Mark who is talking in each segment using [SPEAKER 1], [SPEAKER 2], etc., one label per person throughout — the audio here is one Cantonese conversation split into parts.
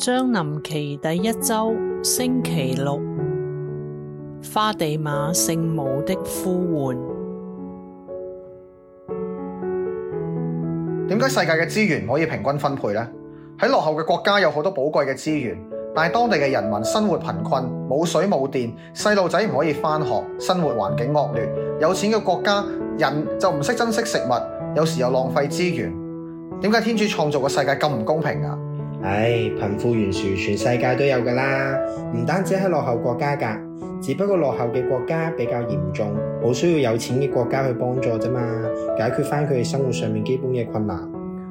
[SPEAKER 1] 將臨期第一周星期六，花地瑪聖母的呼喚。點解世界嘅資源唔可以平均分配呢？喺落後嘅國家有好多寶貴嘅資源，但係當地嘅人民生活貧困，冇水冇電，細路仔唔可以返學，生活環境惡劣。有錢嘅國家人就唔識珍惜食物，有時又浪費資源。點解天主創造嘅世界咁唔公平啊？唉，貧富懸殊，全世界都有噶啦，唔單止係落後國家噶，只不過落後嘅國家比較嚴重，好需要有錢嘅國家去幫助啫嘛，解決返佢哋生活上面基本嘅困難。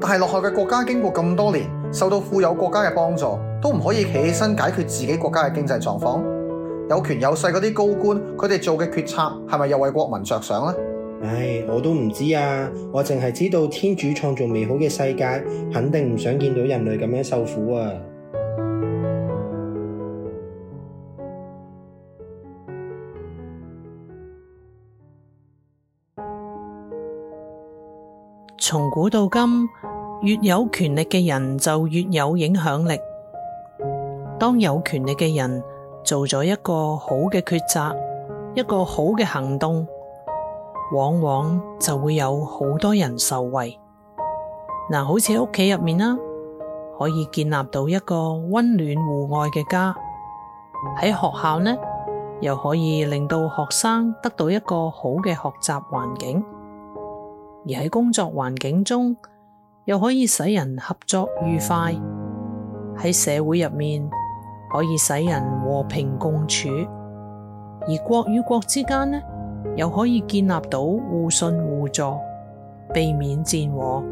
[SPEAKER 1] 但係落後嘅國家經過咁多年，受到富有國家嘅幫助，都唔可以企起身解決自己國家嘅經濟狀況。有權有勢嗰啲高官，佢哋做嘅決策係咪又為國民着想呢？唉，我都唔知啊！我淨係知道天主創造美好嘅世界，肯定唔想見到人類咁樣受苦啊！從古到今，越有權力嘅人就越有影響力。當有權力嘅人做咗一個好嘅抉擇，一個好嘅行動。往往就會有好多人受惠。嗱，好似喺屋企入面啦，可以建立到一個溫暖互愛嘅家；喺學校呢，又可以令到學生得到一個好嘅學習環境；而喺工作環境中，又可以使人合作愉快；喺社會入面，可以使人和平共處；而國與國之間呢，又可以建立到互信互助，避免戰禍。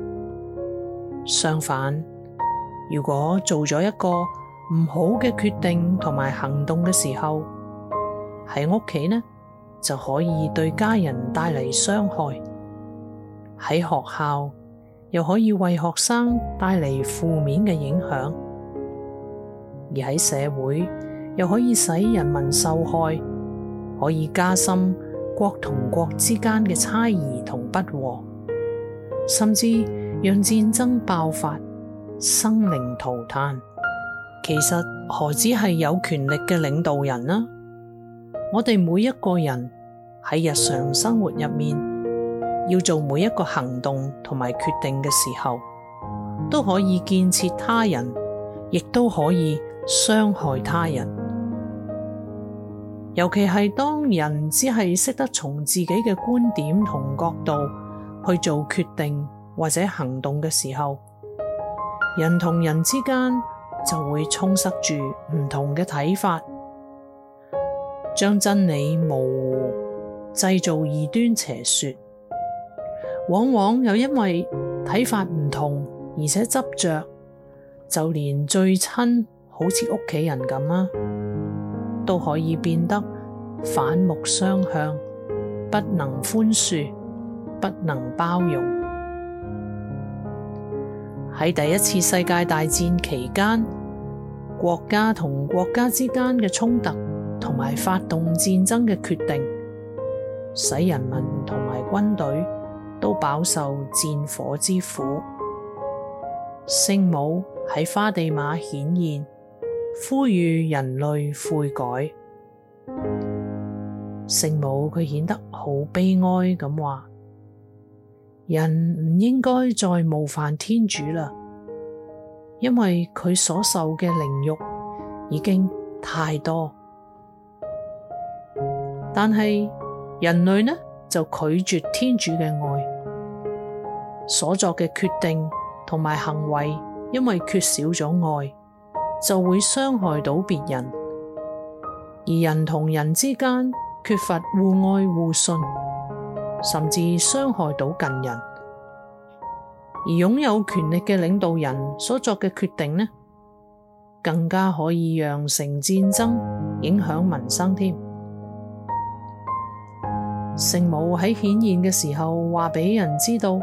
[SPEAKER 1] 相反，如果做咗一個唔好嘅決定同埋行動嘅時候，喺屋企呢，就可以對家人帶嚟傷害；喺學校又可以為學生帶嚟負面嘅影響；而喺社會又可以使人民受害，可以加深，國同國之間嘅猜疑同不和，甚至讓戰爭爆發、生靈塗炭。其實何止係有權力嘅領導人呢？我哋每一個人喺日常生活入面，要做每一個行動同埋決定嘅時候，都可以建設他人，亦都可以傷害他人。尤其係當人只係識得從自己嘅觀點同角度去做決定或者行動嘅時候，人同人之間就會充塞住唔同嘅睇法，將真理模糊，製造異端邪說。往往又因為睇法唔同，而且執着，就連最親，好似屋企人咁啊！都可以變得反目相向，不能寬恕，不能包容。喺第一次世界大戰期間，國家同國家之間嘅衝突同埋發動戰爭嘅決定，使人民同埋軍隊都飽受戰火之苦。聖母喺花地瑪顯現，呼籲人類悔改，聖母佢顯得好悲哀咁話：人唔應該再冒犯天主啦，因為佢所受嘅凌辱已經太多。但係人類呢就拒絕天主嘅愛，所作嘅決定同埋行為，因為缺少咗愛。就會傷害到別人，而人同人之間缺乏互愛互信，甚至傷害到近人。而擁有權力嘅領導人所作嘅決定呢，更加可以釀成戰爭，影響民生添。聖母喺顯現嘅時候話俾人知道，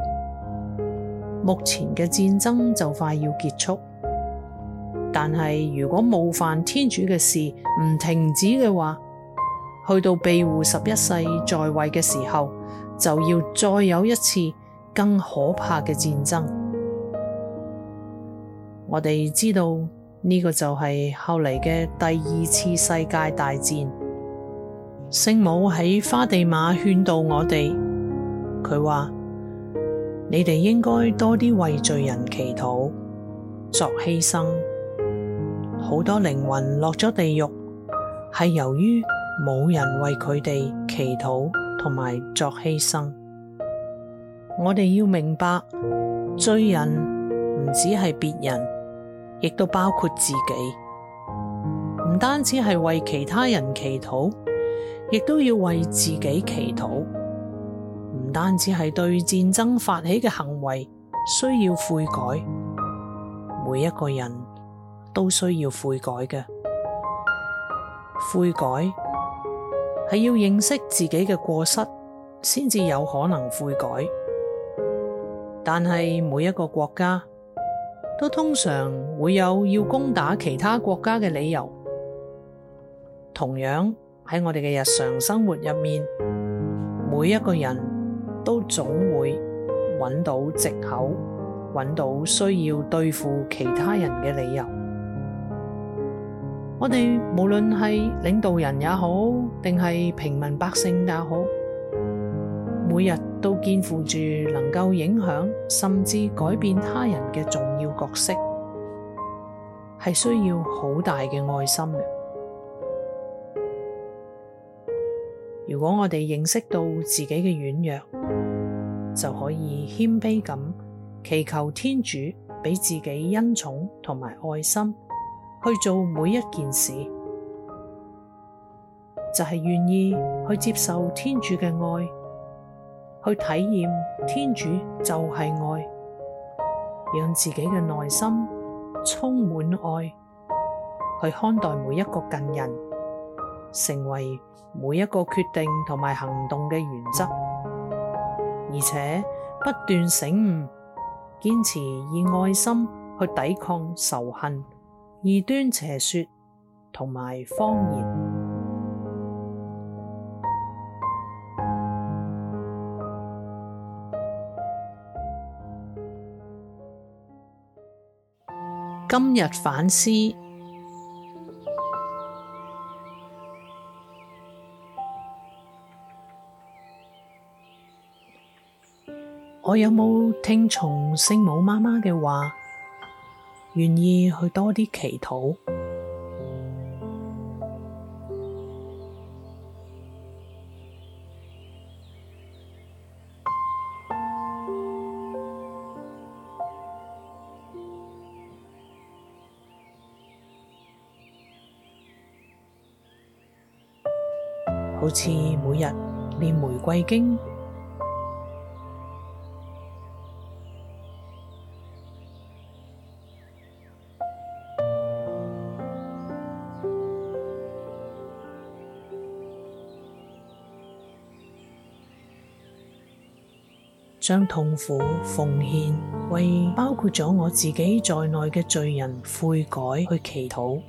[SPEAKER 1] 目前嘅戰爭就快要結束。但係，如果冒犯天主嘅事唔停止嘅話，去到庇護十一世在位嘅時候，就要再有一次更可怕嘅戰爭。我哋知道呢、這個就係後嚟嘅第二次世界大戰。聖母喺花地瑪勸導我哋，佢話：你哋應該多啲為罪人祈禱，作犧牲。好多靈魂落咗地獄，係由於冇人為佢哋祈禱同埋作犧牲。我哋要明白，罪人唔止係別人，亦都包括自己。唔單止係為其他人祈禱，亦都要為自己祈禱。唔單止係對戰爭發起嘅行為需要悔改，每一個人，都需要悔改嘅。悔改，係要認識自己嘅過失，先至有可能悔改。但係每一個國家都通常會有要攻打其他國家嘅理由。同樣喺我哋嘅日常生活入面，每一個人都總會揾到藉口，揾到需要對付其他人嘅理由。我哋無論係領導人也好，定係平民百姓也好，每日都肩負住能夠影響甚至改變他人嘅重要角色，係需要好大嘅愛心嘅。如果我哋認識到自己嘅軟弱，就可以謙卑咁祈求天主畀自己恩寵同埋愛心。去做每一件事，就係願意去接受天主嘅愛，去體驗天主就係愛，讓自己嘅內心充滿愛，去看待每一個近人，成為每一個決定同埋行動嘅原則，而且不斷醒悟，堅持以愛心去抵抗仇恨。異端邪說同埋謊言。今日反思，我有冇聽從聖母媽媽嘅話？願意去多啲祈禱，好似每日念玫瑰經。將痛苦奉獻，為包括咗我自己在內嘅罪人悔改去祈禱，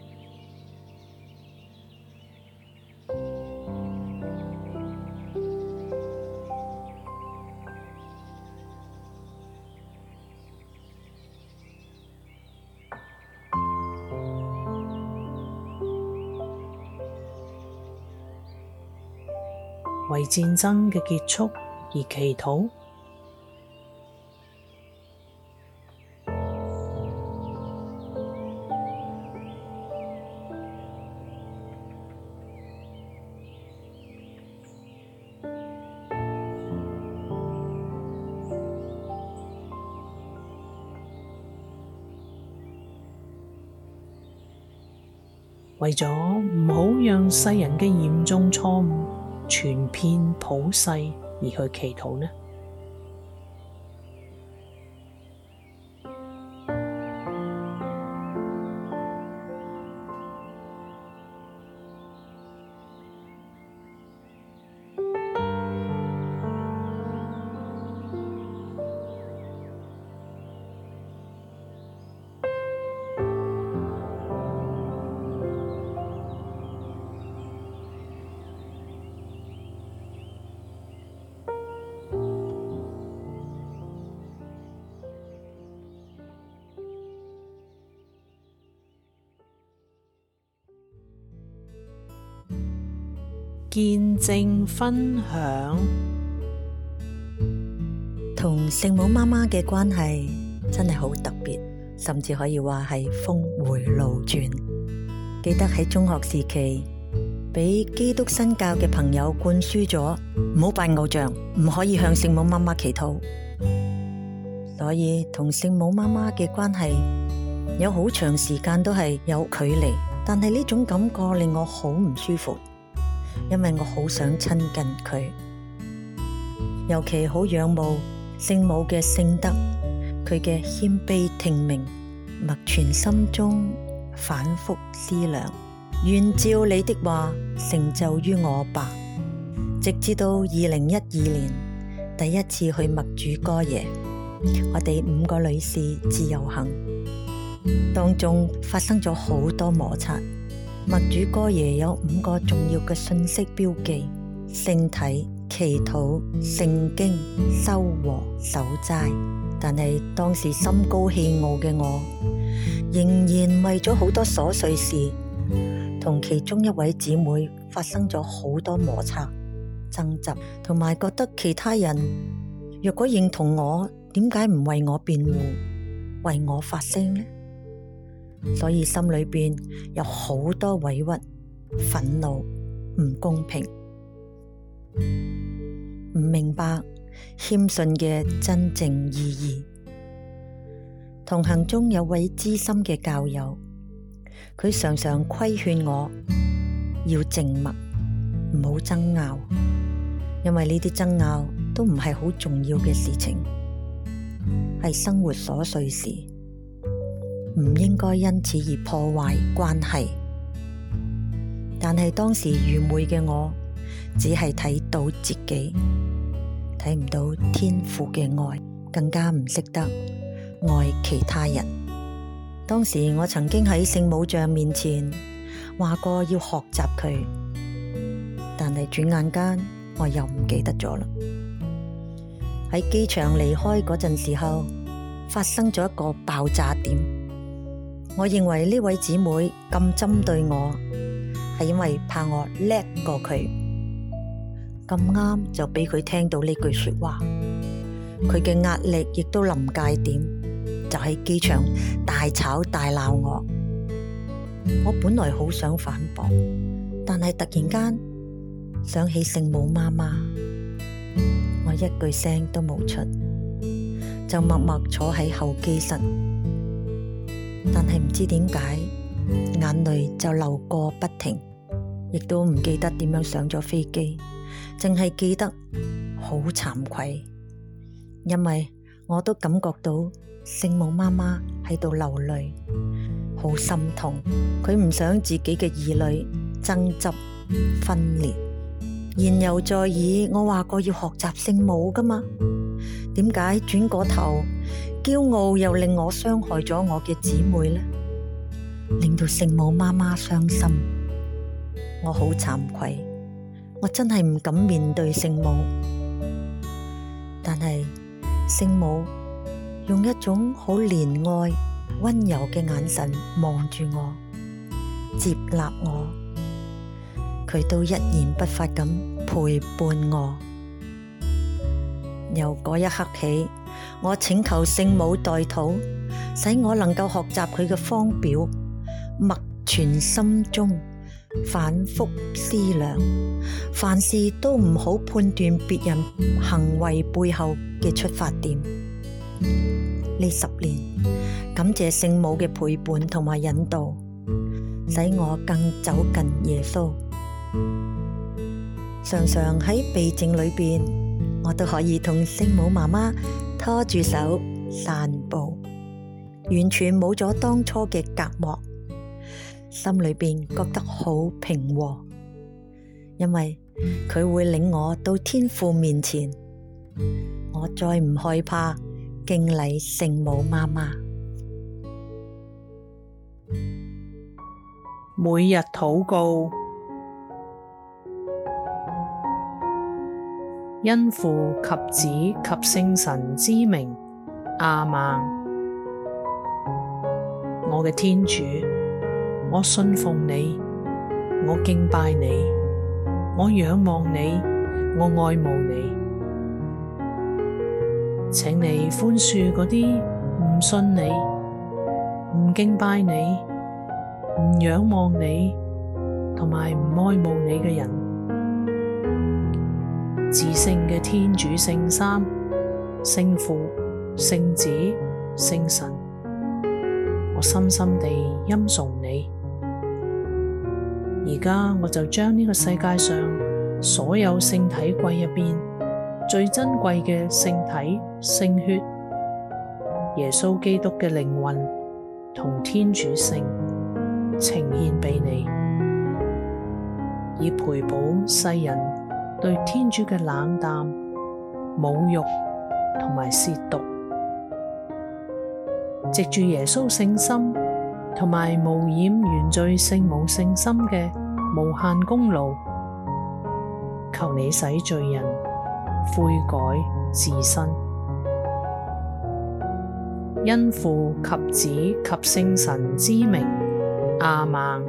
[SPEAKER 1] 為戰爭嘅結束而祈禱。為咗唔好讓世人嘅嚴重錯誤傳遍普世而去祈禱呢？見證分享，
[SPEAKER 2] 同聖母媽媽嘅關係真係好特別，甚至可以話係峰迴路轉。記得喺中學時期，俾基督新教嘅朋友灌輸咗唔好拜偶像，唔可以向聖母媽媽祈禱，所以同聖母媽媽嘅關係有好長時間都係有距離，但係呢種感覺令我好唔舒服。因為我好想親近佢，尤其好仰慕聖母嘅聖德，佢嘅謙卑聽命，默存心中，反覆思量，願照你的話成就於我吧。直至到二零一二年第一次去默主哥耶，我哋五個女士自由行當中發生咗好多摩擦。默主哥耶有五個重要嘅信息標記：聖體、祈禱、聖經、修和、守齋。但係當時心高氣傲嘅我，仍然為咗好多瑣碎事，同其中一位姊妹發生咗好多摩擦、爭執，同埋覺得其他人如果認同我，點解唔為我辯護、為我發聲呢？所以心裏邊有好多委屈、憤怒、唔公平，唔明白謙遜嘅真正意義。同行中有位資深嘅教友，佢常常規勸我要靜默，唔好爭拗，因為呢啲爭拗都唔係好重要嘅事情，係生活瑣碎事。唔應該因此而破壞關係，但係當時愚昧嘅我，只係睇到自己，睇唔到天父嘅愛，更加唔識得愛其他人。當時我曾經喺聖母像面前話過要學習佢，但係轉眼間我又唔記得咗啦。喺機場離開嗰陣時候，發生咗一個爆炸點。我認為呢位姊妹咁針對我，係因為怕我叻過佢，咁啱就俾佢聽到呢句說話，佢嘅壓力亦都臨界點，就喺機場大吵大鬧我。我本來好想反駁，但係突然間想起聖母媽媽，我一句聲都冇出，就默默坐喺候機室。但係唔知點解，眼淚就流個不停，亦都唔記得點樣上咗飛機，淨係記得好慚愧，因為我都感覺到聖母媽媽喺度流淚，好心痛，佢唔想自己嘅兒女爭執分裂。言猶在耳，我話過要學習聖母㗎嘛，點解轉過頭，驕傲又令我傷害咗我嘅姊妹呢，令到聖母媽媽傷心，我好慚愧，我真係唔敢面對聖母。但係聖母用一種好憐愛、溫柔嘅眼神望住我，接納我，佢都一言不發咁陪伴我。由嗰一刻起。我請求聖母代禱，使我能夠學習佢嘅方表，默存心中，反復思量，凡事都唔好判斷別人行為背後嘅出發點。呢十年，感謝聖母嘅陪伴同埋引導，使我更走近耶穌，常常喺秘靜裏邊。我都可以同聖母媽媽拖住手散步，完全冇咗當初嘅隔膜，心裏邊覺得好平和，因為佢會領我到天父面前，我再唔害怕敬禮聖母媽媽，
[SPEAKER 1] 每日禱告。因父及子及聖神之名，阿孟，我嘅天主，我信奉你，我敬拜你，我仰望你，我愛慕你，請你寬恕嗰啲唔信你、唔敬拜你、唔仰望你同埋唔愛慕你嘅人。至聖嘅天主聖三，聖父、聖子、聖神，我深深地欽崇你。而家我就將呢個世界上所有聖體櫃入邊最珍貴嘅聖體、聖血、耶穌基督嘅靈魂同天主聖呈現畀你，以賠補世人。對天主嘅冷淡、侮辱同埋褻瀆，藉住耶穌聖心同埋無染原罪聖母聖心嘅無限功勞，求你使罪人悔改自新，因父及子及聖神之名，阿們。